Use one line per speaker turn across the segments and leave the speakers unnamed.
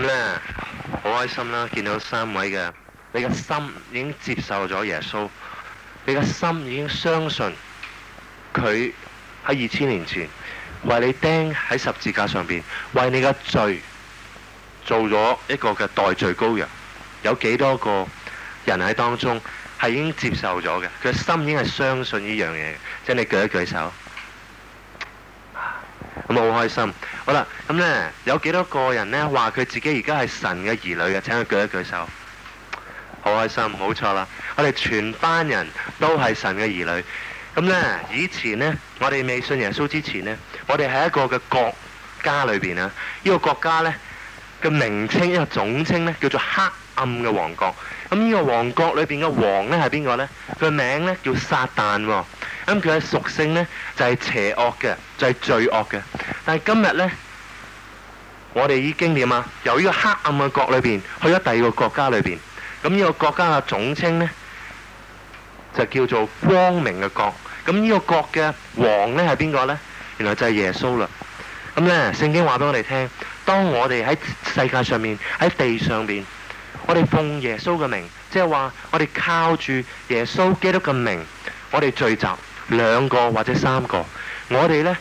咁咧，好開心啦！見到三位嘅，你嘅心已經接受咗耶穌，你嘅心已經相信佢喺二千年前為你釘喺十字架上邊，為你嘅罪做咗一個嘅代罪羔羊。有幾多個人喺當中係已經接受咗嘅？佢嘅心已經係相信呢樣嘢，即係你舉一舉手。咁好、嗯、開心！好啦，咁呢，有幾多個人呢，話佢自己而家係神嘅兒女嘅？請佢舉一舉手。好開心，冇錯啦！我哋全班人都係神嘅兒女。咁、嗯、呢，以前呢，我哋未信耶穌之前呢，我哋喺一個嘅國家裏邊啊。呢、這個國家呢，嘅名稱一個總稱呢，叫做黑暗嘅王國。咁呢個王國裏邊嘅王咧係邊個咧？佢個名呢，叫撒但、哦。咁佢嘅屬性呢，就係邪惡嘅，就係罪惡嘅。但係今日呢，我哋已經點啊？由呢個黑暗嘅國裏邊去咗第二個國家裏邊。咁呢個國家嘅總稱呢，就叫做光明嘅國。咁呢個國嘅王呢，係邊個呢？原來就係耶穌啦。咁呢聖經話俾我哋聽，當我哋喺世界上面，喺地上面，我哋奉耶穌嘅名，即係話我哋靠住耶穌基督嘅名，我哋聚集。兩個或者三個，我哋呢，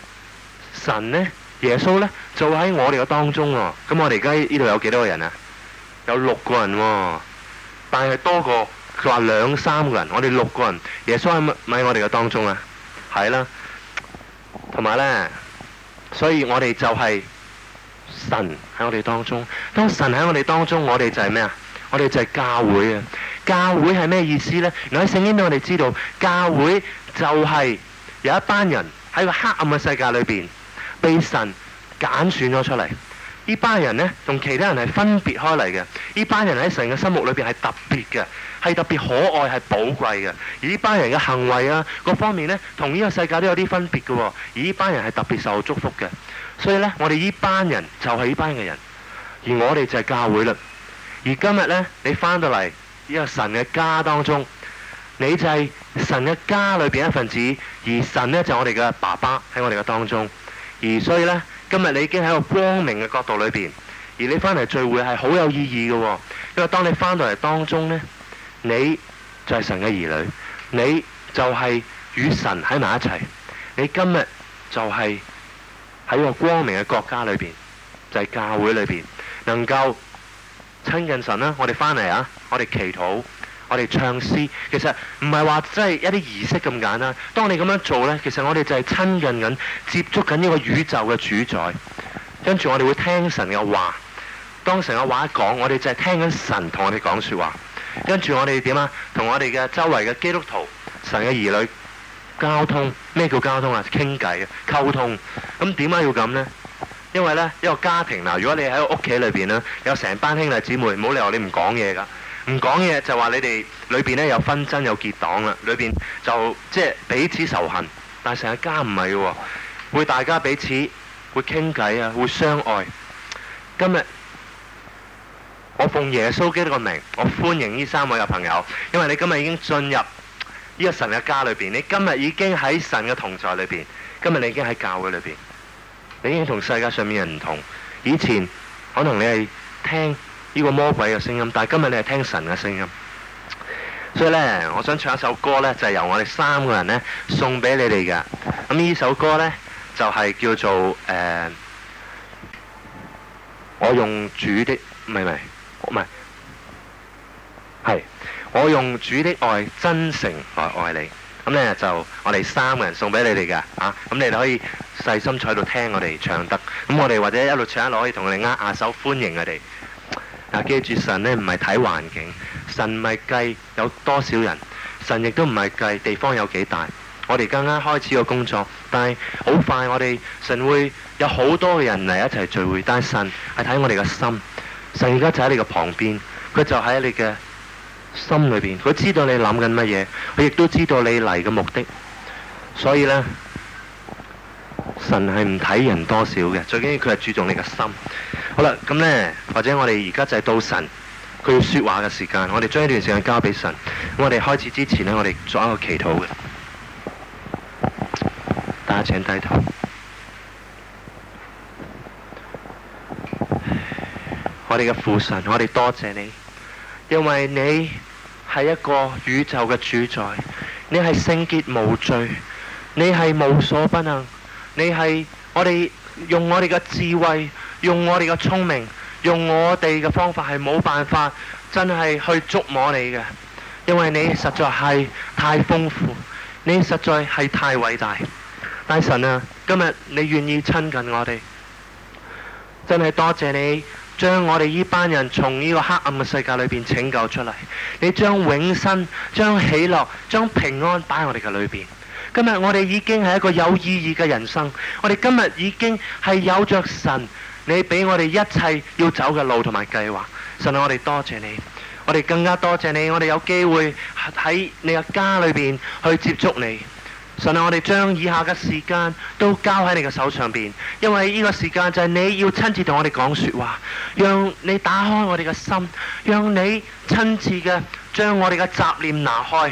神呢，耶穌呢，就喺我哋嘅當中喎。咁我哋而家呢度有幾多個人啊？有六個人喎，但係多過佢話兩三個人。我哋六個人，耶穌喺唔喺我哋嘅當中啊？係啦，同埋呢，所以我哋就係神喺我哋當中。當神喺我哋當中，我哋就係咩啊？我哋就係教會啊！教會係咩意思呢？原來聖經俾我哋知道教會，就係有一班人喺個黑暗嘅世界裏邊，被神揀選咗出嚟。呢班人呢，同其他人係分別開嚟嘅。呢班人喺神嘅心目裏邊係特別嘅，係特別可愛、係寶貴嘅。而呢班人嘅行為啊，各方面呢，同呢個世界都有啲分別嘅，哦。而呢班人係特別受祝福嘅。所以呢，我哋呢班人就係呢班嘅人，人，而我哋就係教會啦。而今日呢，你返到嚟呢個神嘅家當中。你就係神嘅家裏邊一份子，而神呢，就係、我哋嘅爸爸喺我哋嘅當中，而所以呢，今日你已經喺個光明嘅角度裏邊，而你返嚟聚會係好有意義嘅，哦，因為當你返到嚟當中呢，你就係神嘅兒女，你就係與神喺埋一齊，你今日就係喺個光明嘅國家裏邊，就係、是、教會裏邊能夠親近神啦。我哋返嚟啊，我哋、啊、祈禱。我哋唱詩，其實唔係話真係一啲儀式咁簡單。當你咁樣做呢，其實我哋就係親近緊、接觸緊呢個宇宙嘅主宰。跟住我哋會聽神嘅話，當神嘅話一講，我哋就係聽緊神同我哋講説話。跟住我哋點啊？同我哋嘅周圍嘅基督徒、神嘅兒女交通。咩叫交通啊？傾偈啊，溝通。咁點解要咁呢？因為呢一個家庭嗱，如果你喺屋企裏邊呢，有成班兄弟姊妹，冇理由你唔講嘢噶。唔講嘢就話你哋裏邊呢，有紛爭有結黨啦，裏邊就即係彼此仇恨，但係成個家唔係嘅，會大家彼此會傾偈啊，會相愛。今日我奉耶穌基督嘅名，我歡迎呢三位嘅朋友，因為你今日已經進入呢個神嘅家裏邊，你今日已經喺神嘅同在裏邊，今日你已經喺教會裏邊，你已經同世界上面人唔同。以前可能你係聽。呢個魔鬼嘅聲音，但係今日你係聽神嘅聲音，所以呢，我想唱一首歌呢，就係、是、由我哋三個人呢，送俾你哋嘅。咁、嗯、呢首歌呢，就係、是、叫做誒、呃，我用主的，唔係唔係，唔係，係我用主的愛，真誠來愛，愛你。咁、嗯、呢，就我哋三個人送俾你哋嘅啊，咁、嗯、你哋可以細心坐喺度聽我哋唱得，咁、嗯、我哋或者一路唱一路可以同你哋握下手歡迎佢哋。嗱，記住神呢唔係睇環境，神唔係計有多少人，神亦都唔係計地方有幾大。我哋剛剛開始個工作，但係好快我哋神會有好多嘅人嚟一齊聚會。但係神係睇我哋嘅心，神而家就喺你嘅旁邊，佢就喺你嘅心裏邊。佢知道你諗緊乜嘢，佢亦都知道你嚟嘅目的。所以呢，神係唔睇人多少嘅，最緊要佢係注重你嘅心。好啦，咁呢，或者我哋而家就係到神佢要說話嘅時間，我哋將呢段時間交俾神。咁我哋開始之前呢，我哋做一個祈禱嘅，大家請低頭。我哋嘅父神，我哋多謝你，因為你係一個宇宙嘅主宰，你係聖潔無罪，你係無所不能，你係我哋用我哋嘅智慧。用我哋嘅聰明，用我哋嘅方法係冇辦法，真係去捉摸你嘅，因為你實在係太豐富，你實在係太偉大，大神啊，今日你願意親近我哋，真係多謝你將我哋呢班人從呢個黑暗嘅世界裏邊拯救出嚟，你將永生、將喜樂、將平安擺喺我哋嘅裏邊。今日我哋已經係一個有意義嘅人生，我哋今日已經係有着神。你俾我哋一切要走嘅路同埋計劃，神啊，我哋多謝你，我哋更加多謝你，我哋有機會喺你嘅家裏邊去接觸你，神啊，我哋將以下嘅時間都交喺你嘅手上邊，因為呢個時間就係你要親自同我哋講說話，讓你打開我哋嘅心，讓你親自嘅將我哋嘅雜念拿開，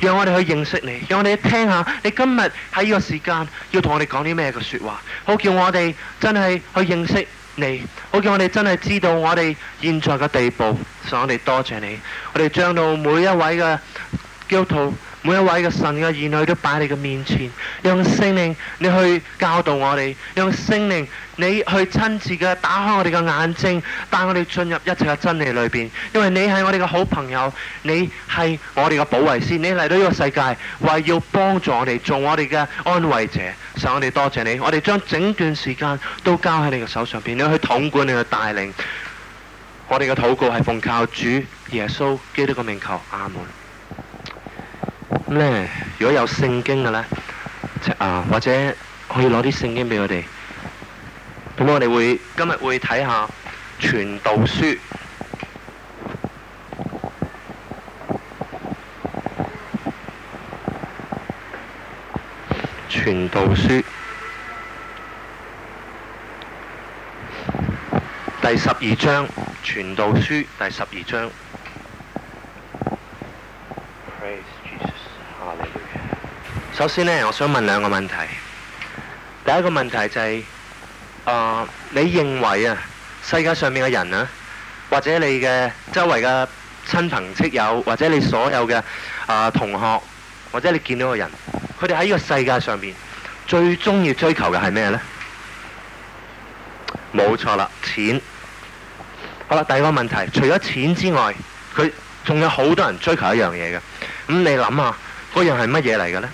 讓我哋去認識你，讓我哋去聽下你今日喺呢個時間要同我哋講啲咩嘅說話，好叫我哋真係去認識你，好叫我哋真係知道我哋現在嘅地步，所以我哋多謝你，我哋將到每一位嘅基督徒。每一位嘅神嘅兒女都擺你嘅面前，用聖靈你去教導我哋，用聖靈你去親自嘅打開我哋嘅眼睛，帶我哋進入一切嘅真理裏邊。因為你係我哋嘅好朋友，你係我哋嘅保惠師，你嚟到呢個世界為要幫助我哋，做我哋嘅安慰者。所以我哋多謝你，我哋將整段時間都交喺你嘅手上邊，你去統管，你去帶領。我哋嘅禱告係奉靠主耶穌基督嘅名求，阿門。咁呢，如果有聖經嘅呢，啊，或者可以攞啲聖經俾我哋。咁我哋會今日會睇下《傳道書》。《傳道書》第十二章，《傳道書》第十二章。首先呢，我想問兩個問題。第一個問題就係、是，啊、呃，你認為啊，世界上面嘅人啊，或者你嘅周圍嘅親朋戚友，或者你所有嘅啊、呃、同學，或者你見到嘅人，佢哋喺呢個世界上面最鍾意追求嘅係咩呢？冇錯啦，錢。好啦，第二個問題，除咗錢之外，佢仲有好多人追求一樣嘢嘅。咁、嗯、你諗下，嗰樣係乜嘢嚟嘅呢？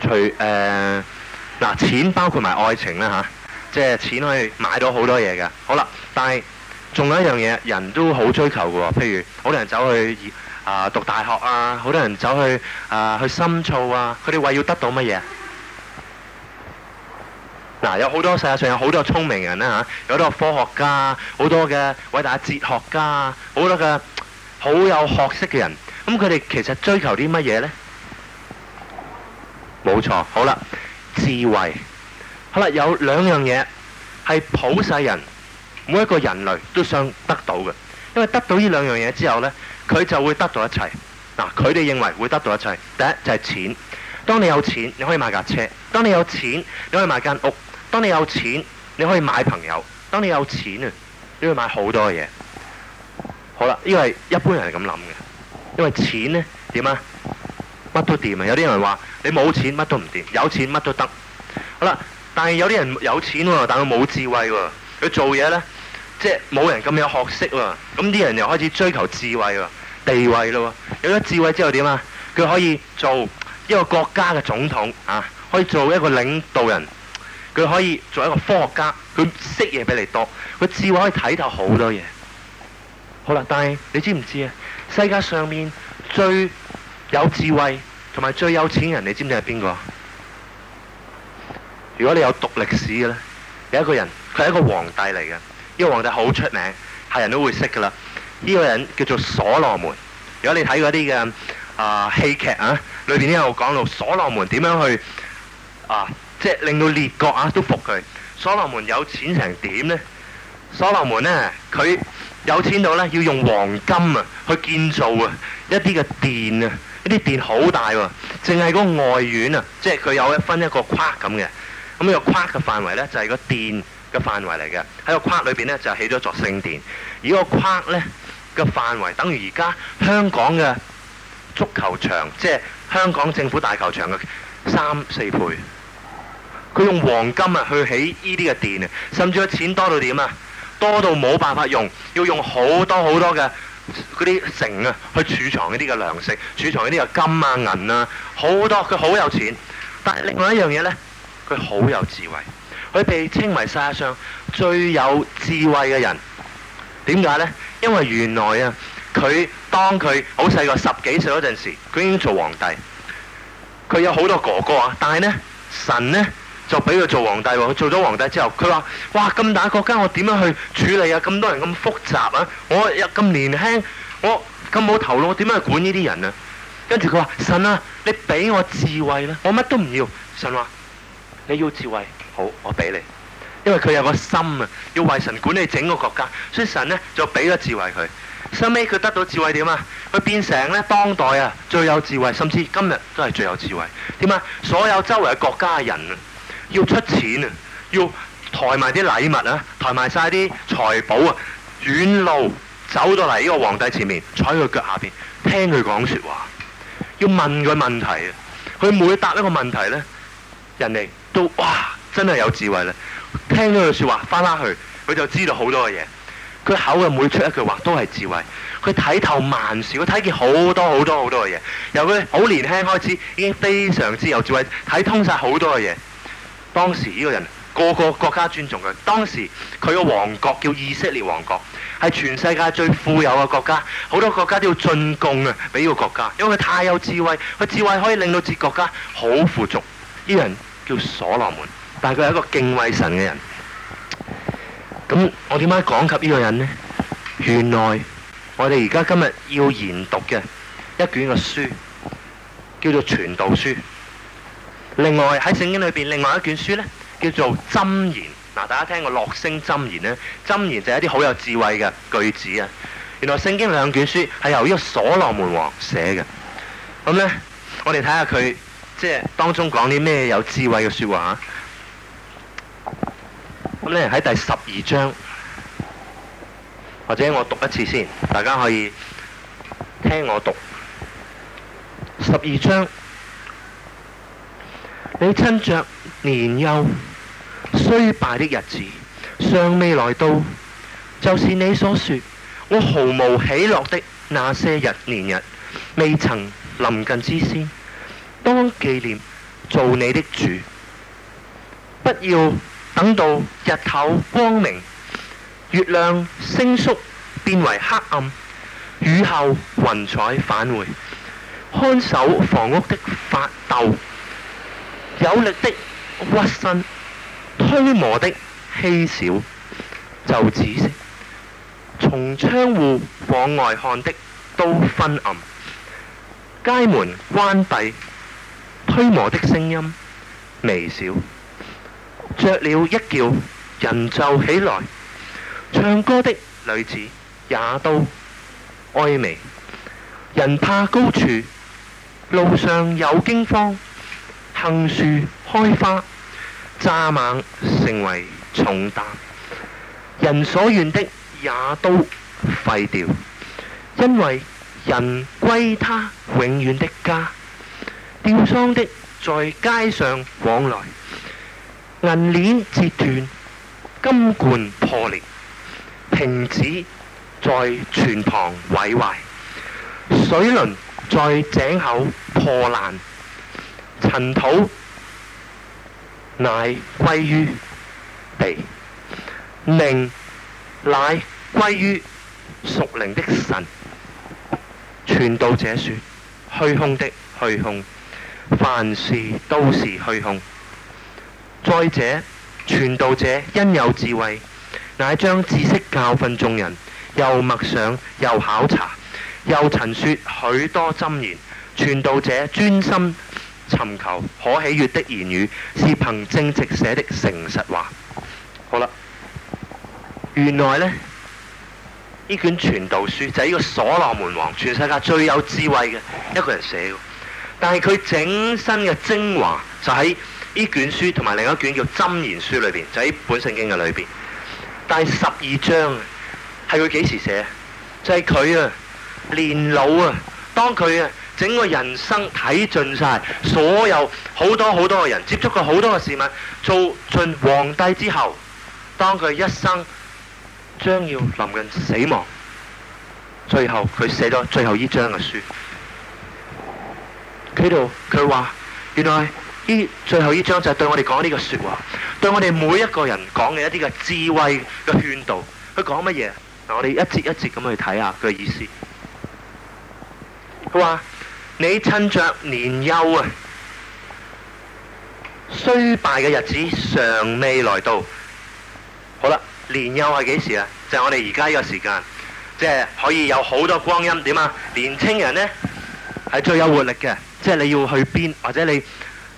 除誒嗱、呃、錢，包括埋愛情啦嚇、啊，即係錢可以買到好多嘢嘅。好啦，但係仲有一樣嘢，人都好追求嘅喎。譬如好多人走去啊、呃、讀大學啊，好多人走去啊、呃、去深造啊，佢哋為要得到乜嘢？嗱、啊，有好多世界上有好多聰明人啦嚇、啊，有好多科學家，好多嘅偉大哲學家，好多嘅好有學識嘅人。咁佢哋其實追求啲乜嘢呢？冇錯，好啦，智慧，好啦，有兩樣嘢係普世人每一個人類都想得到嘅，因為得到呢兩樣嘢之後呢，佢就會得到一切。嗱，佢哋認為會得到一切。第一就係錢，當你有錢，你可以買架車；當你有錢，你可以買間屋；當你有錢，你可以買朋友；當你有錢啊，你會買好多嘢。好啦，呢個係一般人係咁諗嘅，因為錢呢點啊？乜都掂啊！有啲人話你冇錢乜都唔掂，有錢乜都得。好啦，但係有啲人有錢喎、啊，但佢冇智慧喎、啊。佢做嘢呢，即係冇人咁有學識喎、啊。咁啲人又開始追求智慧喎、啊、地位咯喎、啊。有咗智慧之後點啊？佢可以做一個國家嘅總統啊，可以做一個領導人。佢可以做一個科學家，佢識嘢比你多，佢智慧可以睇透好多嘢。好啦，但係你知唔知啊？世界上面最有智慧同埋最有錢人，你知唔知係邊個？如果你有讀歷史嘅呢，有一個人，佢係一個皇帝嚟嘅。呢個皇帝好出名，係人都會識噶啦。呢個人叫做所羅門。如果你睇嗰啲嘅啊戲劇啊，裏邊呢有講到所羅門點樣去啊，即係令到列國啊都服佢。所羅門有錢成點呢？所羅門呢，佢有錢到呢，要用黃金啊去建造啊一啲嘅殿啊。呢啲殿好大喎，哦，淨係個外院啊，即係佢有一分一個框咁嘅，咁，嗯，呢，這個框嘅範圍呢，就係，是，個殿嘅範圍嚟嘅，喺，這個框裏邊呢，就是，起咗座聖殿，而個框呢，這個範圍等於而家香港嘅足球場，即係香港政府大球場嘅三四倍。佢用黃金啊去起呢啲嘅殿啊，甚至個錢多到點啊，多到冇辦法用，要用好多好多嘅。嗰啲城啊，去儲藏一啲嘅糧食，儲藏一啲嘅金啊銀啊，好多佢好有錢。但係另外一樣嘢呢，佢好有智慧，佢被稱為世界上最有智慧嘅人。點解呢？因為原來啊，佢當佢好細個十幾歲嗰陣時，佢已經做皇帝。佢有好多哥哥啊，但係呢，神呢，就俾佢做皇帝喎。佢做咗皇帝之後，佢話：哇！咁大國家，我點樣去處理啊？咁多人咁複雜啊！我又咁年輕，我咁冇頭腦，我點樣去管呢啲人啊？跟住佢話：神啊，你俾我智慧啦！我乜都唔要。神話你要智慧，好，我俾你，因為佢有個心啊，要為神管理整個國家，所以神呢，就俾咗智慧佢。收尾佢得到智慧點啊？佢變成呢當代啊最有智慧，甚至今日都係最有智慧。點啊？所有周圍國家嘅人啊！要出錢啊！要抬埋啲禮物啊，抬埋晒啲財寶啊，遠路走到嚟呢個皇帝前面，踩佢腳下邊，聽佢講説話。要問佢問題啊！佢每答一個問題呢，人哋都哇，真係有智慧咧！聽咗佢説話，翻返去佢就知道好多嘅嘢。佢口嘅每出一句話都係智慧。佢睇透萬事，佢睇見好多好多好多嘅嘢。由佢好年輕開始，已經非常之有智慧，睇通晒好多嘅嘢。當時呢個人個個國家尊重佢。當時佢個王國叫以色列王國，係全世界最富有嘅國家。好多國家都要進貢啊，俾呢個國家，因為佢太有智慧。佢智慧可以令到自己國家好富足。呢、這個、人叫所羅門，但係佢係一個敬畏神嘅人。咁我點解講及呢個人呢？原來我哋而家今日要研讀嘅一卷嘅書叫做《傳道書》。另外喺聖經裏邊，另外一卷書呢，叫做箴言。嗱，大家聽過樂聲箴言呢，箴言就係、是、一啲好有智慧嘅句子啊。原來聖經兩卷書係由一、這個、所羅門王寫嘅。咁呢，我哋睇下佢即係當中講啲咩有智慧嘅説話、啊。咁呢，喺第十二章，或者我讀一次先，大家可以聽我讀十二章。你趁着年幼衰敗的日子尚未來到，就是你所說我毫無喜樂的那些日年日未曾臨近之先，當紀念做你的主，不要等到日頭光明，月亮星宿變為黑暗，雨後雲彩返回，看守房屋的發抖，有力的屈身，推磨的稀少，就止息。從窗戶往外看的都昏暗，街門關閉，推磨的聲音微小。雀鳥一叫，人就起來。唱歌的女子也都衰微。人怕高處，路上有驚慌。杏樹開花，蚱蜢成為重擔，人所願的也都廢掉，因為人歸他永遠的家。吊喪的在街上往來，銀鏈折斷，金罐破裂，瓶子在泉旁毀壞，水輪在井口破爛。塵土乃歸於地，靈乃歸於屬靈的神。傳道者說：虛空的虛空，凡事都是虛空。再者，傳道者因有智慧，乃將知識教訓眾人，又默想，又考察，又陳說許多箴言。傳道者專心。尋求可喜悅的言語，是憑正直寫的誠實話。好啦，原來呢，呢卷傳道書就係呢個所羅門王，全世界最有智慧嘅一個人寫嘅。但係佢整身嘅精華就喺呢卷書同埋另一卷叫箴言書裏邊，就喺本聖經嘅裏邊。但係十二章係佢幾時寫？就係、是、佢啊，年老啊，當佢啊。整個人生睇盡晒，所有好多好多嘅人接觸過好多嘅事物，做盡皇帝之後，當佢一生將要臨近死亡，最後佢寫咗最後呢章嘅書。佢度佢話：原來呢最後呢章就係對我哋講呢個說話，對我哋每一個人講嘅一啲嘅智慧嘅勸導。佢講乜嘢？嗱，我哋一節一節咁去睇下佢嘅意思。佢話。你趁着年幼啊，衰敗嘅日子尚未來到。好啦，年幼係、啊、幾時啊？就係、是、我哋而家呢個時間，即、就、係、是、可以有好多光陰點啊？年青人咧係最有活力嘅，即、就、係、是、你要去邊，或者你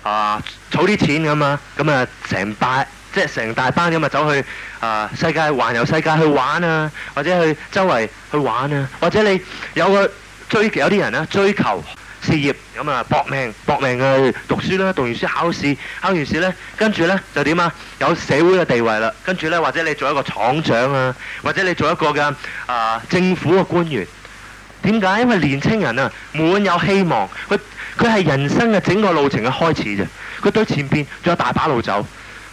啊儲啲錢咁啊，咁啊成大即係、就是、成大班咁啊走去啊世界環遊世界去玩啊，或者去周圍去玩啊，或者你有去追有啲人啊追求。事業咁啊，搏命搏命去讀書啦，讀完書考試，考完試呢，跟住呢就點啊？有社會嘅地位啦，跟住呢，或者你做一個廠長啊，或者你做一個嘅、呃、政府嘅官員。點解？因為年青人啊，滿有希望。佢佢係人生嘅整個路程嘅開始啫。佢對前邊仲有大把路走。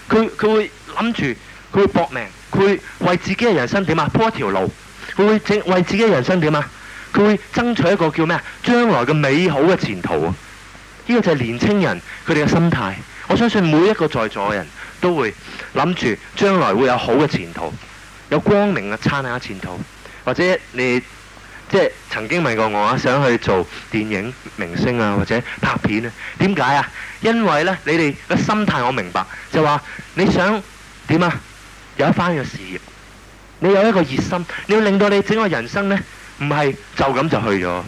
佢佢會諗住，佢會搏命，佢會為自己嘅人生點啊鋪一條路。佢會整為自己嘅人生點啊？佢會爭取一個叫咩啊？將來嘅美好嘅前途啊！呢、這個就係年輕人佢哋嘅心態。我相信每一個在座嘅人都會諗住將來會有好嘅前途，有光明嘅燦爛前途。或者你即係、就是、曾經問過我啊，想去做電影明星啊，或者拍片咧、啊？點解啊？因為呢，你哋嘅心態我明白，就話、是、你想點啊？有一番嘅事業，你有一個熱心，你要令到你整個人生呢。唔係就咁就去咗，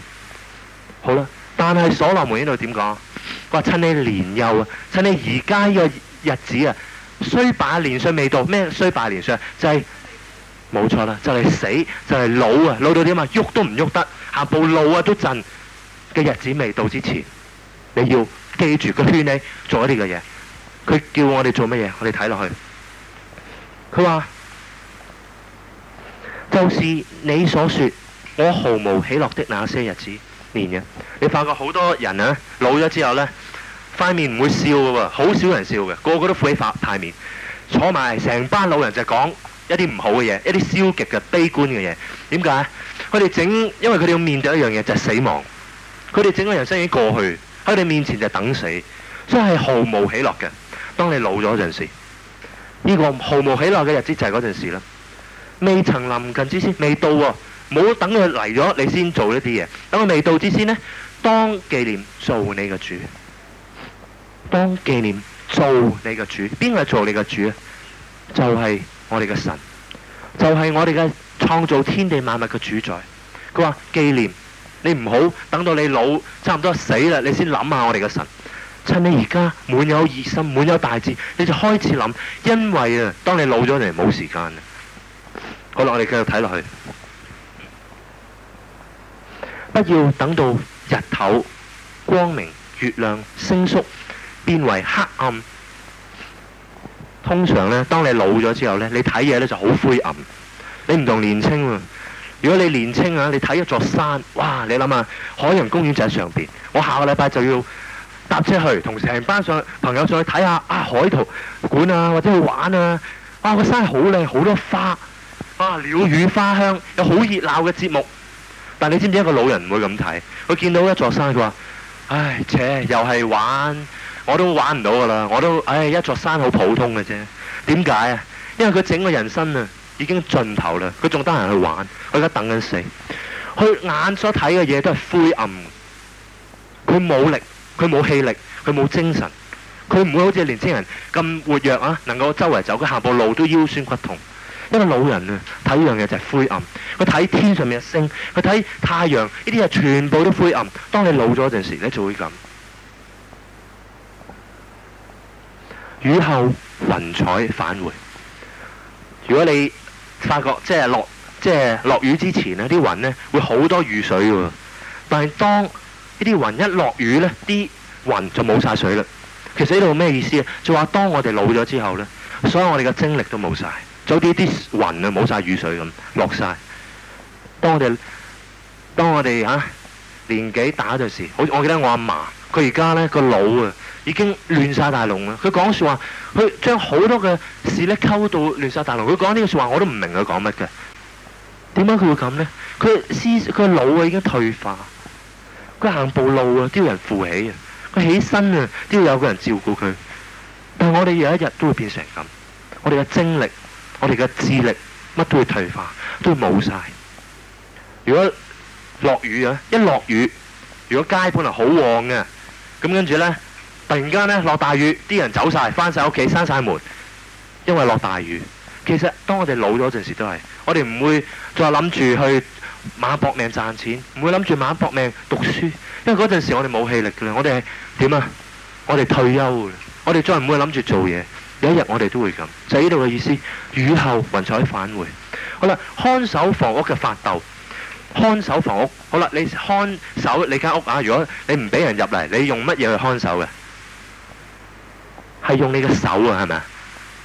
好啦。但係所羅門呢度點講？我話趁你年幼啊，趁你而家嘅日子啊，衰敗年歲未到，咩衰敗年歲就係冇錯啦，就係死，就係老啊，老到點啊？喐都唔喐得，行步路啊都震嘅日子未到之前，你要記住佢勸你，做一啲嘅嘢。佢叫我哋做乜嘢？我哋睇落去，佢話就是你所說。我毫無喜樂的那些日子，年嘅，你發覺好多人啊老咗之後呢，塊面唔會笑嘅喎，好少人笑嘅，個個都灰白太面，坐埋成班老人就講一啲唔好嘅嘢，一啲消極嘅、悲觀嘅嘢。點解？佢哋整，因為佢哋要面對一樣嘢，就係、死亡。佢哋整個人生已經過去，喺佢哋面前就等死，所以係毫無喜樂嘅。當你老咗嗰陣時，呢、呢個毫無喜樂嘅日子就係嗰陣時啦。未曾臨近之先，未到喎。冇等佢嚟咗，你先做一啲嘢。等佢未到之先呢，當紀念做你嘅主，當紀念做你嘅主。邊個做你嘅主啊？就係我哋嘅神，就係我哋嘅創造天地萬物嘅主宰。佢話紀念你唔好等到你老差唔多死啦，你先諗下我哋嘅神。趁你而家滿有熱心、滿有大志，你就開始諗。因為啊，當你老咗，你冇時間。好啦，我哋繼續睇落去。不要等到日頭光明、月亮星宿，變為黑暗。通常呢，當你老咗之後呢，你睇嘢呢就好灰暗。你唔同年青喎。如果你年青啊，你睇一座山，哇！你諗下海洋公園就喺上邊。我下個禮拜就要搭車去，同成班上朋友上去睇下啊海圖館啊，或者去玩啊。啊，這個山好靚，好多花，啊鳥語花香，有好熱鬧嘅節目。但你知唔知一個老人唔會咁睇？佢見到一座山，佢話：唉，切，又係玩，我都玩唔到㗎啦，我都，唉，一座山好普通嘅啫。點解啊？因為佢整個人生啊，已經盡頭啦。佢仲得閒去玩，佢而家等緊死。佢眼所睇嘅嘢都係灰暗。佢冇力，佢冇氣力，佢冇精神，佢唔會好似年青人咁活躍啊！能夠周圍走，佢行步路都腰酸骨痛。因為老人啊，睇呢樣嘢就係灰暗。佢睇天上面嘅星，佢睇太陽，呢啲嘢全部都灰暗。當你老咗陣時呢，就會咁。雨後雲彩返回。如果你發覺即係落即係、就是、落雨之前呢啲雲呢，會好多雨水㗎，但係當呢啲雲一落雨呢，啲雲就冇晒水啦。其實呢度咩意思啊？就話當我哋老咗之後呢，所以我哋嘅精力都冇晒。有啲啲雲啊，冇晒雨水咁落晒。當我哋當我哋嚇啊，年紀大嗰陣時，好我記得我阿嫲，佢而家呢個腦啊已經亂晒大龍啦。佢講嘅説話，佢將好多嘅事呢溝到亂晒大龍。佢講呢句説話，我都唔明佢講乜嘅。點解佢會咁呢？佢思佢個腦啊已經退化，佢行步路啊都要人扶起啊，佢起身啊都要有個人照顧佢。但係我哋有一日都會變成咁，我哋嘅精力。我哋嘅智力乜都會退化，都會冇晒。如果落雨啊，一落雨，如果街本嚟好旺嘅，咁跟住呢，突然間呢，落大雨，啲人走晒，返晒屋企，閂晒門，因為落大雨。其實當我哋老咗陣時都係，我哋唔會再諗住去猛搏命賺錢，唔會諗住猛搏命讀書，因為嗰陣時我哋冇氣力嘅啦。我哋係點啊？我哋退休，我哋再唔會諗住做嘢。有一日我哋都會咁，就呢度嘅意思。雨後雲彩返回，好啦，看守房屋嘅發抖，看守房屋，好啦，你看守你間屋啊。如果你唔俾人入嚟，你用乜嘢去看守嘅？係用你嘅手啊，係咪？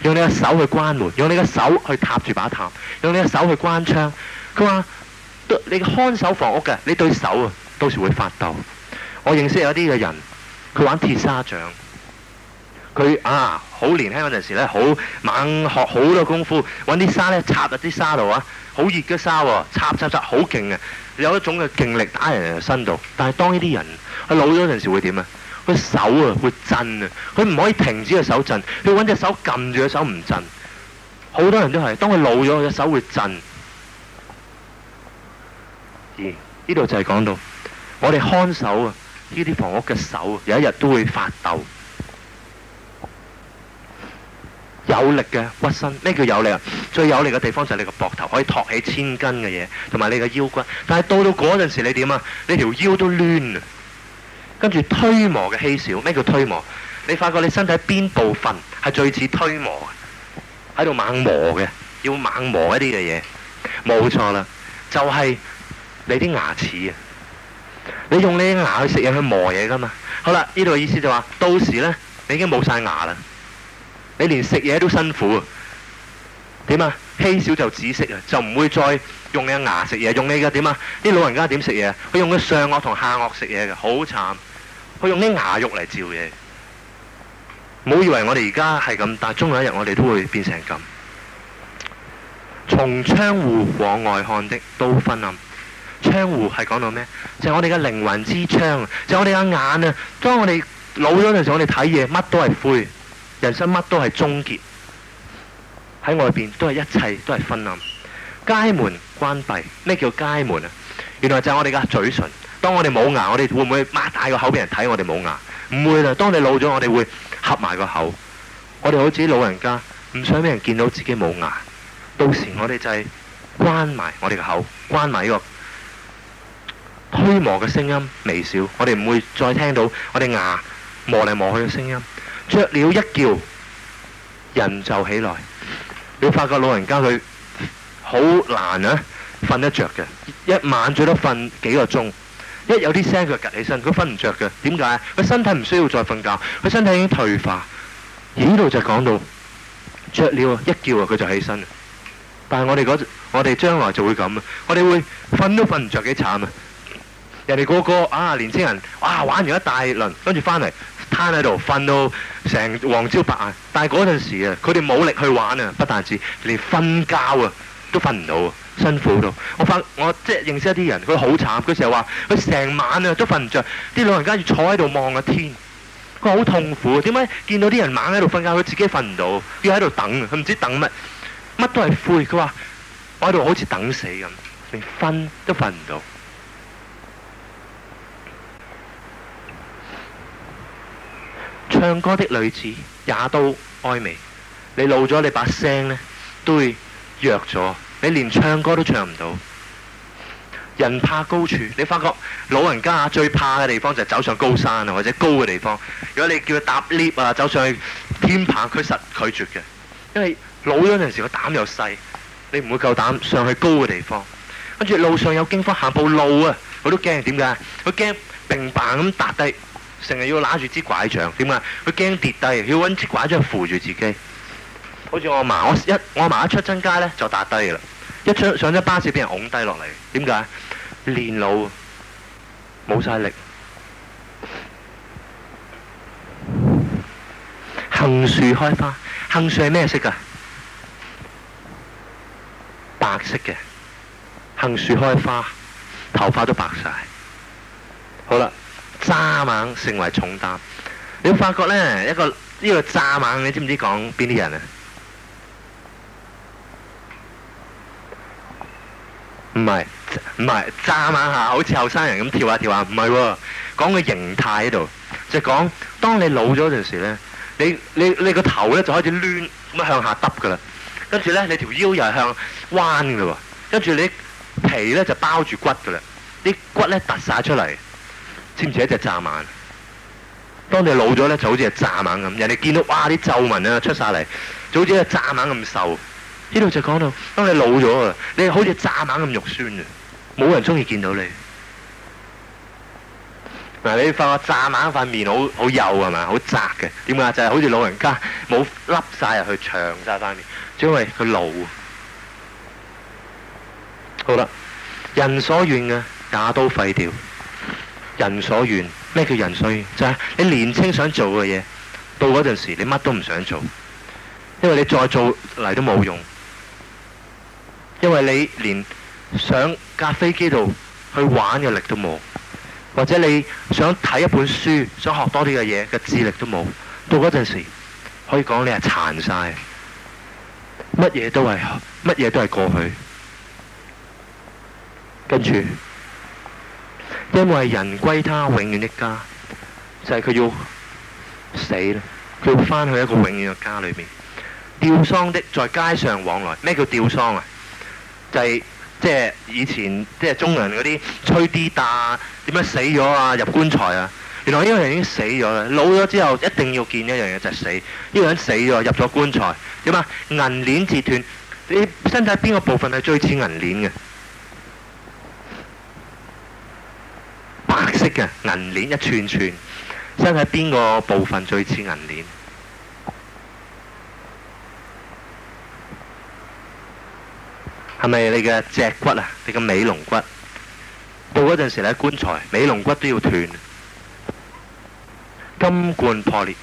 用你嘅手去關門，用你嘅手去踏住把塔，用你嘅手去關窗。佢話：你看守房屋嘅，你對手啊，到時會發抖。我認識有一啲嘅人，佢玩鐵砂掌，佢啊。好年輕嗰陣時咧，好猛學好多功夫，揾啲沙呢，插入啲沙度啊！好熱嘅沙喎，插插插好勁啊！有一種嘅勁力打人嘅身度。但係當呢啲人佢老咗陣時會點啊？佢手啊會震啊！佢唔可以停止個手震，佢揾隻手撳住隻手唔震。好多人都係當佢老咗，佢隻手會震。而呢度就係講到我哋看守啊呢啲房屋嘅手，有一日都會發抖。有力嘅屈身，咩叫有力啊？最有力嘅地方就係你個膊頭可以托起千斤嘅嘢，同埋你個腰骨。但係到到嗰陣時你，你點啊？你條腰都攣啊！跟住推磨嘅稀少，咩叫推磨？你發覺你身體邊部分係最似推磨喺度猛磨嘅，要猛磨一啲嘅嘢，冇錯啦，就係、是、你啲牙齒啊！你用你啲牙去食嘢，去磨嘢㗎嘛？好啦，呢度意思就話、是，到時呢，你已經冇晒牙啦。你連食嘢都辛苦，點啊？稀少就紫色啊，就唔會再用你嘅牙食嘢，用你嘅點啊？啲老人家點食嘢？佢用嘅上顎同下顎食嘢嘅，好慘。佢用啲牙肉嚟照嘢。冇以為我哋而家係咁，但係終有一日我哋都會變成咁。從窗戶往外看的都昏暗。窗戶係講到咩？就係我哋嘅靈魂之窗，就係我哋嘅眼啊。當我哋老咗嘅時候，我哋睇嘢乜都係灰。人生乜都係終結，喺外邊都係一切都係昏暗。街門關閉，咩叫街門啊？原來就係我哋嘅嘴唇。當我哋冇牙，我哋會唔會擘大個口俾人睇我哋冇牙？唔會啦。當你老咗，我哋會合埋個口。我哋好似老人家，唔想俾人見到自己冇牙。到時我哋就係關埋我哋個口，關埋呢個推磨嘅聲音微小。我哋唔會再聽到我哋牙磨嚟磨去嘅聲音。雀鳥一叫，人就起來。你發覺老人家佢好難啊，瞓得着嘅，一晚最多瞓幾個鐘。一有啲聲佢就起身，佢瞓唔着嘅。點解？佢身體唔需要再瞓覺，佢身體已經退化。呢度就講到雀鳥一叫啊，佢就起身。但係我哋嗰，我哋將來就會咁啊，我哋會瞓都瞓唔着幾慘啊！人哋個個啊，年青人啊，玩完一大輪，跟住翻嚟。攤喺度瞓到成黃朝白晏，但係嗰陣時啊，佢哋冇力去玩啊，不但止，連瞓覺啊都瞓唔到啊，辛苦到。我發我即係認識一啲人，佢好慘，佢成日話佢成晚啊都瞓唔着，啲老人家要坐喺度望個天，佢好痛苦啊。點解？見到啲人猛喺度瞓覺，佢自己瞓唔到，要喺度等，佢唔知等乜，乜都係灰。佢話我喺度好似等死咁，連瞓都瞓唔到。唱歌的女子也都衰微。你老咗，你把聲呢都會弱咗。你連唱歌都唱唔到。人怕高處，你發覺老人家最怕嘅地方就係走上高山啊，或者高嘅地方。如果你叫佢搭 lift 啊，走上去天棚，佢實拒絕嘅，因為老嗰陣時個膽又細，你唔會夠膽上去高嘅地方。跟住路上有驚慌，行步路啊，我都驚。點解？佢驚並排咁搭低。成日要攞住支拐杖，點解？佢驚跌低，要搵支拐杖扶住自己。好似我阿嫲，我一我阿嫲一出親街咧就打低㗎啦，一出上咗巴士俾人拱低落嚟。點解？年老冇晒力。杏樹開花，杏樹係咩色㗎？白色嘅。杏樹開花，頭髮都白晒。好啦。蚱蜢成為重擔，你會發覺咧一個呢個蚱蜢，你知唔知講邊啲人啊？唔係唔係，蚱蜢嚇，好似後生人咁跳下跳下，唔係喎，講個形態喺度，就係講當你老咗陣時咧，你你你個頭咧就開始攣咁啊向下耷㗎啦，跟住咧你條腰又係向彎㗎喎，跟住你皮咧就包住骨㗎啦，啲骨咧凸曬出嚟。似唔似一隻蚱蜢？當你老咗咧，就好似係蚱蜢咁。人哋見到哇，啲皺紋啊出晒嚟，就好似一隻蚱蜢咁瘦。呢度就講到，當你老咗啊，你好似蚱蜢咁肉酸嘅，冇人中意見到你。嗱，你發覺蚱蜢塊面好好幼係咪？好窄嘅。點解？就係、是、好似老人家冇凹晒入去、長曬塊面，因為佢老。好啦，人所願嘅也都廢掉。人所願，咩叫人所願？就係你年青想做嘅嘢，到嗰陣時你乜都唔想做，因為你再做嚟都冇用，因為你連上架飛機度去玩嘅力都冇，或者你想睇一本書、想學多啲嘅嘢嘅智力都冇，到嗰陣時可以講你係殘晒。乜嘢都係，乜嘢都係過去，跟住。因為人歸他永遠的家，就係佢要死啦，佢要翻去一個永遠嘅家裏面。吊喪的在街上往來，咩叫吊喪啊？就係即係以前即係中原嗰啲吹啲打點樣死咗啊，入棺材啊。原來呢個人已經死咗啦，老咗之後一定要見一樣嘢就係死。呢個人死咗入咗棺材，點啊？銀鏈截斷，你身體邊個部分係最似銀鏈嘅？嘅銀鏈一串串，身喺邊個部分最似銀鏈？係咪你嘅脊骨啊？你嘅尾龍骨到嗰陣時咧，棺材尾龍骨都要斷，金罐破裂，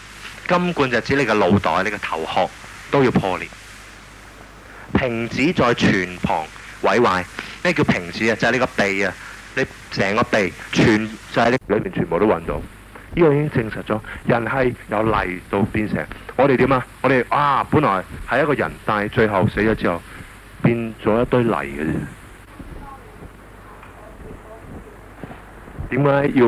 金罐就指你嘅腦袋，你嘅頭殼都要破裂，瓶子在泉旁毀壞。咩叫瓶子啊？就係呢個鼻啊！你成個地全就係你裏邊全部都揾到，呢個已經證實咗。人係由泥到變成，我哋點啊？我哋啊，本來係一個人，但係最後死咗之後，變咗一堆泥嘅啫。點解要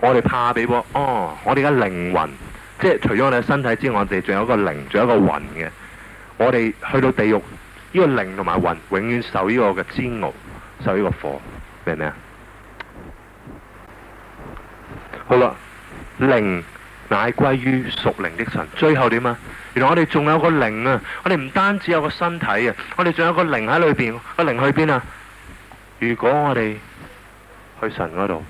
我哋怕地波？哦，我哋嘅靈魂，即係除咗我哋嘅身體之外，我哋仲有一個靈，仲有一個魂嘅。我哋去到地獄。呢個靈同埋魂永遠受呢個嘅煎熬，受呢個火，明唔明啊？好啦，靈乃歸於屬靈的神。最後點啊？原來我哋仲有個靈啊！我哋唔單止有個身體啊，我哋仲有個靈喺裏邊。個靈去邊啊？如果我哋去神嗰度，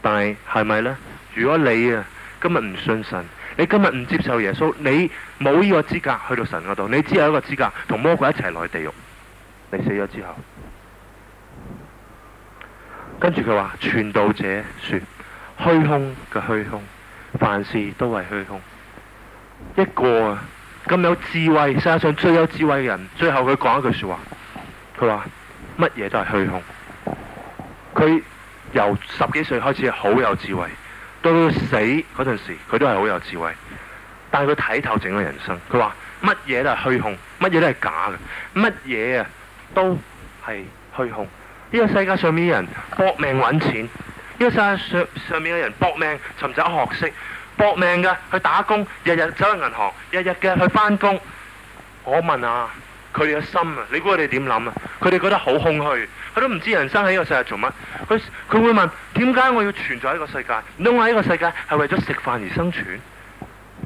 但係係咪呢？如果你啊，今日唔信神。你今日唔接受耶穌，你冇呢個資格去到神嗰度。你只有一個資格同魔鬼一齊落去地獄。你死咗之後，跟住佢話，傳道者說：虛空嘅虛空，凡事都係虛空。一個咁有智慧，世界上最有智慧嘅人，最後佢講一句說話，佢話乜嘢都係虛空。佢由十幾歲開始好有智慧。到死嗰陣時，佢都係好有智慧，但係佢睇透整個人生。佢話：乜嘢都係虛空，乜嘢都係假嘅，乜嘢啊都係虛空。呢個世界上面嘅人搏命揾錢，呢個世界上上面嘅人搏命尋找學識，搏命㗎去打工，日日走去銀行，日日嘅去翻工。我問啊，佢哋嘅心啊，你估佢哋點諗啊？佢哋覺得好空虛。佢都唔知人生喺呢個世界做乜，佢佢會問：點解我要存在呢個世界？你話呢個世界係為咗食飯而生存？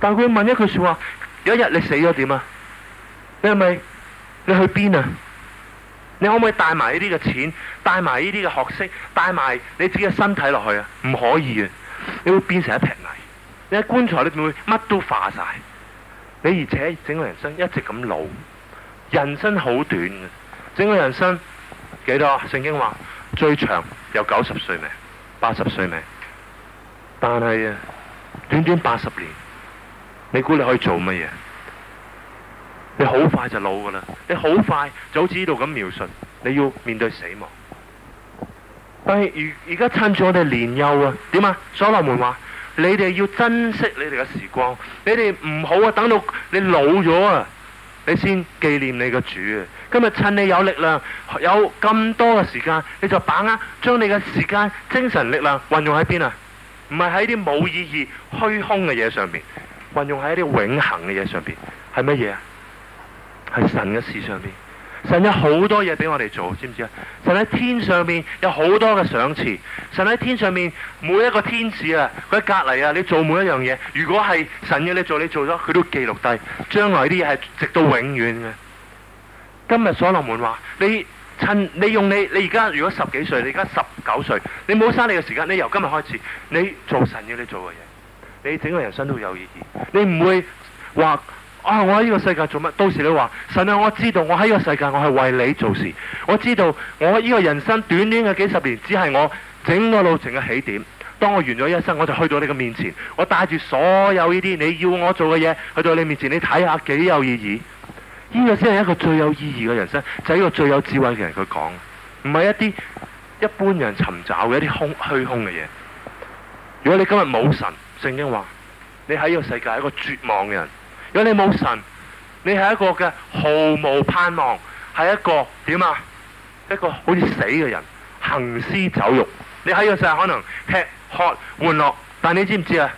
但係佢會問一句說話：有一日你死咗點啊？你係咪？你去邊啊？你可唔可以帶埋呢啲嘅錢、帶埋呢啲嘅學識、帶埋你自己嘅身體落去啊？唔可以啊，你會變成一瓶泥。你喺棺材裏邊，你會乜都化晒。你而且整個人生一直咁老，人生好短，整個人生。幾多？聖經話最長有九十歲命，八十歲命。但係啊，短短八十年，你估你可以做乜嘢？你好快就老噶啦，你好快，就好似呢度咁描述，你要面對死亡。但係而而家趁住我哋年幼啊，點啊？所羅門話：你哋要珍惜你哋嘅時光，你哋唔好啊，等到你老咗啊，你先紀念你嘅主啊！今日趁你有力量，有咁多嘅時間，你就把握將你嘅時間、精神力量運用喺邊啊？唔係喺啲冇意義、虛空嘅嘢上面，運用喺一啲永恆嘅嘢上邊，係乜嘢啊？係神嘅事上邊，神有好多嘢俾我哋做，知唔知啊？神喺天上面有好多嘅賞賜，神喺天上面每一個天使啊，佢隔離啊，你做每一樣嘢，如果係神要你做，你做你做咗，佢都記錄低，將來啲嘢係直到永遠嘅。今日所羅門話，你趁你用你，你而家如果十幾歲，你而家十九歲，你冇嘥你嘅時間，你由今日開始，你做神要你做嘅嘢，你整個人生都有意義。你唔會話啊，我喺呢個世界做乜？到時你話神啊，我知道我喺呢個世界，我係為你做事。我知道我呢個人生短短嘅幾十年，只係我整個路程嘅起點。當我完咗一生，我就去到你嘅面前，我帶住所有呢啲你要我做嘅嘢去到你面前，你睇下幾有意義。呢個先係一個最有意義嘅人生，就係一個最有智慧嘅人。佢講，唔係一啲一般人尋找嘅一啲空虛空嘅嘢。如果你今日冇神，聖經話你喺呢個世界係一個絕望嘅人。如果你冇神，你係一個嘅毫無盼望，係一個點啊？一個好似死嘅人，行屍走肉。你喺呢個世界可能吃喝玩樂，但你知唔知啊？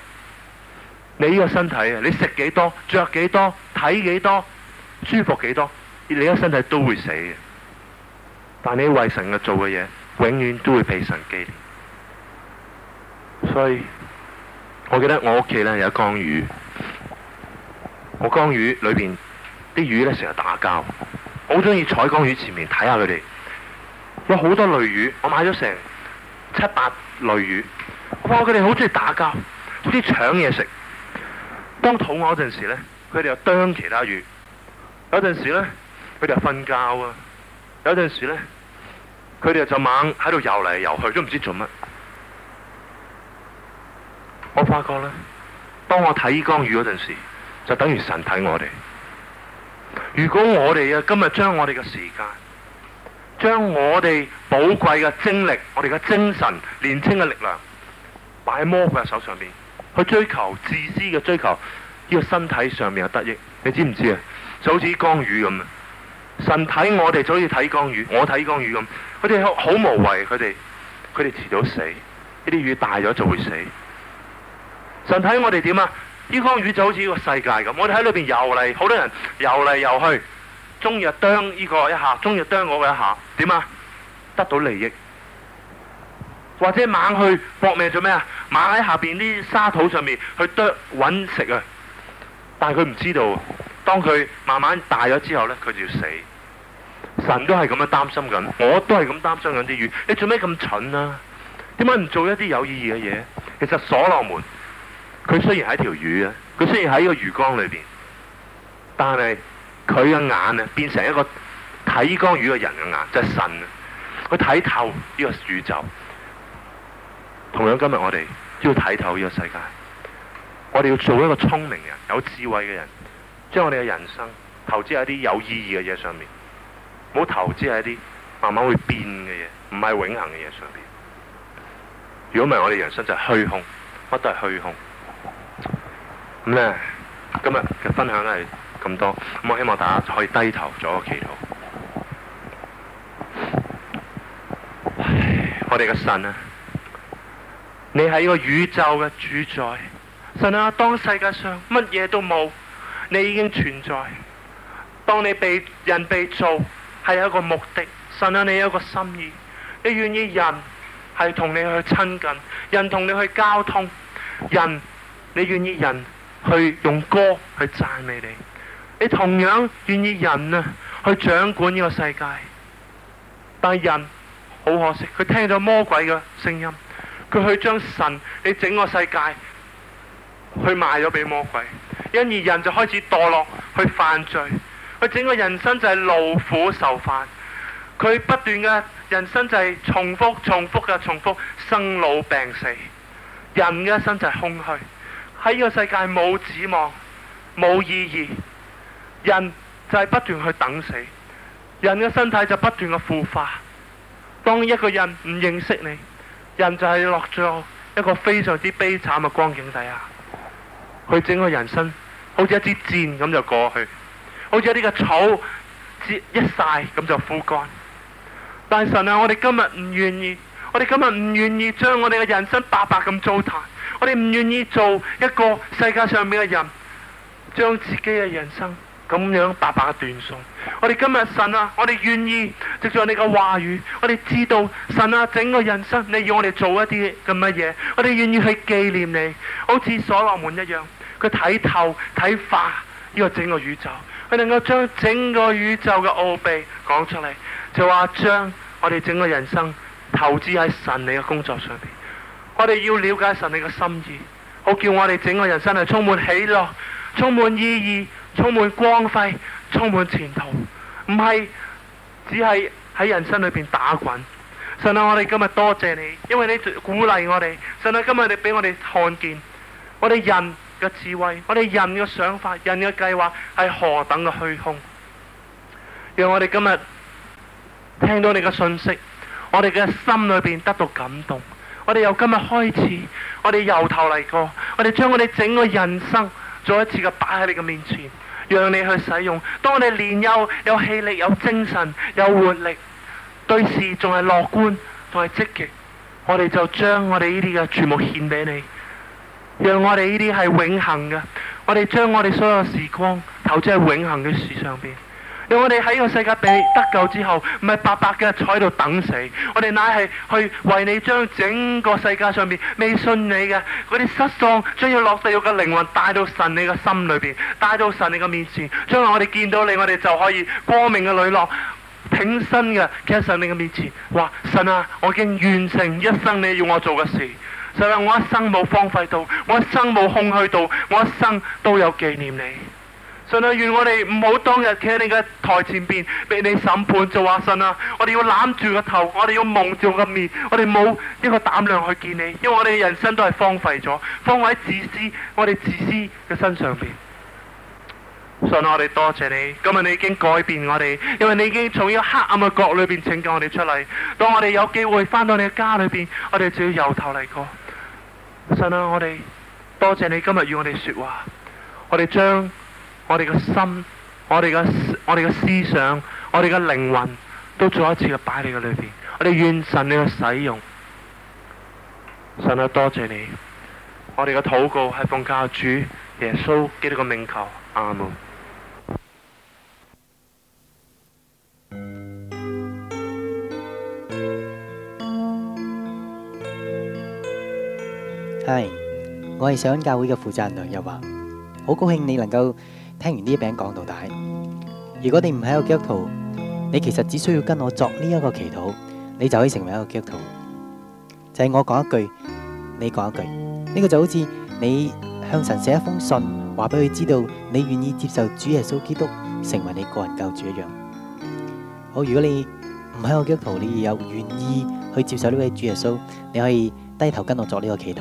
你呢個身體啊，你食幾多，着幾多，睇幾多？舒服幾多？你而家身體都會死嘅，但你為神嘅做嘅嘢，永遠都會被神記念。所以我記得我屋企咧有一缸魚，我缸魚裏邊啲魚咧成日打交，好中意彩缸魚前面睇下佢哋。有好多鰻魚，我買咗成七八鰻魚，我話佢哋好中意打交，好中意搶嘢食。當肚餓嗰陣時咧，佢哋又啄其他魚。有陣時咧，佢哋係瞓覺啊；有陣時咧，佢哋就猛喺度游嚟游去，都唔知做乜。我發覺咧，當我睇光魚嗰陣時，就等於神睇我哋。如果我哋啊，今日將我哋嘅時間、將我哋寶貴嘅精力、我哋嘅精神、年輕嘅力量擺喺魔鬼嘅手上邊，去追求自私嘅追求呢，這個身體上面嘅得益，你知唔知啊？就好似江魚咁啊！神睇我哋，就好似睇江魚，我睇江魚咁。佢哋好無謂，佢哋佢哋遲早死。呢啲魚大咗就會死。神睇我哋點啊？呢江魚就好似個世界咁，我哋喺裏邊游嚟，好多人游嚟游去，終日啄呢個一下，終日啄我嘅一下，點啊？得到利益，或者猛去搏命做咩啊？猛喺下邊啲沙土上面去啄搵食啊！但係佢唔知道。當佢慢慢大咗之後呢，佢就要死。神都係咁樣擔心緊，我都係咁擔心緊啲魚。你做咩咁蠢啊？點解唔做一啲有意義嘅嘢？其實所羅門佢雖然係條魚啊，佢雖然喺個魚缸裏邊，但係佢嘅眼啊，變成一個睇光魚嘅人嘅眼，即係神啊，佢睇透呢個宇宙。同樣今日我哋都要睇透呢個世界，我哋要做一個聰明人，有智慧嘅人。將我哋嘅人生投資喺啲有意義嘅嘢上面，冇投資喺啲慢慢會變嘅嘢，唔係永恆嘅嘢上面。如果唔係，我哋人生就係虛空，乜都係虛空。咁咧，今日嘅分享咧係咁多，咁我希望大家可以低頭做個祈禱。唉，我哋嘅神啊，你係個宇宙嘅主宰，神啊，當世界上乜嘢都冇。你已經存在，當你被人被造，係有一個目的。神有你一個心意，你願意人係同你去親近，人同你去交通，人，你願意人去用歌去讚美你。你同樣願意人啊去掌管呢個世界，但係人好可惜，佢聽咗魔鬼嘅聲音，佢去將神你整個世界去賣咗俾魔鬼。因而人就開始墮落去犯罪，佢整個人生就係勞苦受煩，佢不斷嘅人生就係重複、重複嘅重複，生老病死，人嘅一生就係空虛，喺呢個世界冇指望、冇意義，人就係不斷去等死，人嘅身體就不斷嘅腐化。當一個人唔認識你，人就係落咗一個非常之悲慘嘅光景底下。佢整個人生，好似一支箭咁就過去，好似一啲嘅草一曬咁就枯乾。但神啊，我哋今日唔願意，我哋今日唔願意將我哋嘅人生白白咁糟蹋，我哋唔願意做一個世界上面嘅人，將自己嘅人生咁樣白白嘅斷送。我哋今日神啊，我哋願意藉着你嘅話語，我哋知道神啊，整個人生你要我哋做一啲嘅乜嘢，我哋願意去紀念你，好似所羅門一樣。佢睇透睇化呢個整個宇宙，佢能夠將整個宇宙嘅奧秘講出嚟，就話將我哋整個人生投資喺神你嘅工作上邊。我哋要了解神你嘅心意，好叫我哋整個人生係充滿喜樂、充滿意義、充滿光輝、充滿前途，唔係只係喺人生裏邊打滾。神啊，我哋今日多謝你，因為你鼓勵我哋，神啊，今日你俾我哋看見，我哋人。嘅智慧，我哋人嘅想法、人嘅計劃係何等嘅虛空。讓我哋今日聽到你嘅信息，我哋嘅心裏邊得到感動。我哋由今日開始，我哋由頭嚟過，我哋將我哋整個人生再一次嘅擺喺你嘅面前，讓你去使用。當我哋年幼、有氣力、有精神、有活力，對事仲係樂觀，仲係積極，我哋就將我哋呢啲嘅全部獻俾你。讓我哋呢啲係永恒嘅，我哋將我哋所有時光投資喺永恒嘅事上邊。讓我哋喺呢個世界俾你得救之後，唔係白白嘅坐喺度等死。我哋乃係去為你將整個世界上邊未信你嘅嗰啲失喪將要落地獄嘅靈魂帶到神你嘅心裏邊，帶到神你嘅面前。將來我哋見到你，我哋就可以光明嘅磊落挺身嘅，企喺神你嘅面前，話神啊，我已經完成一生你要我做嘅事。神啊，我一生冇荒廢到，我一生冇空虛到，我一生都有紀念你。神啊，願我哋唔好當日企喺你嘅台前邊被你審判，做阿神啊！我哋要攬住個頭，我哋要蒙住個面，我哋冇呢個膽量去見你，因為我哋人生都係荒廢咗，放喺自私，我哋自私嘅身上邊。神啊，我哋多謝你，今日你已經改變我哋，因為你已經從一個黑暗嘅角裏邊拯救我哋出嚟。當我哋有機會翻到你嘅家裏邊，我哋就要由頭嚟過。神啊，我哋多謝你今日與我哋說話，我哋將我哋嘅心、我哋嘅我哋嘅思想、我哋嘅靈魂，都再一次嘅擺喺你裏邊，我哋願神你嘅使用。神啊，多謝你，我哋嘅禱告係奉靠主耶穌基督嘅名求，阿門。
係，我係上教會嘅負責人梁日華，好高興你能夠聽完呢餅講到底。如果你唔係一個基督徒，你其實只需要跟我作呢一個祈禱，你就可以成為一個基督徒。就係我講一句，你講一句，呢個就好似你向神寫一封信，話俾佢知道你願意接受主耶穌基督成為你個人救主一樣。好，如果你唔係一個基督徒，你有願意去接受呢位主耶穌，你可以低頭跟我作呢個祈禱。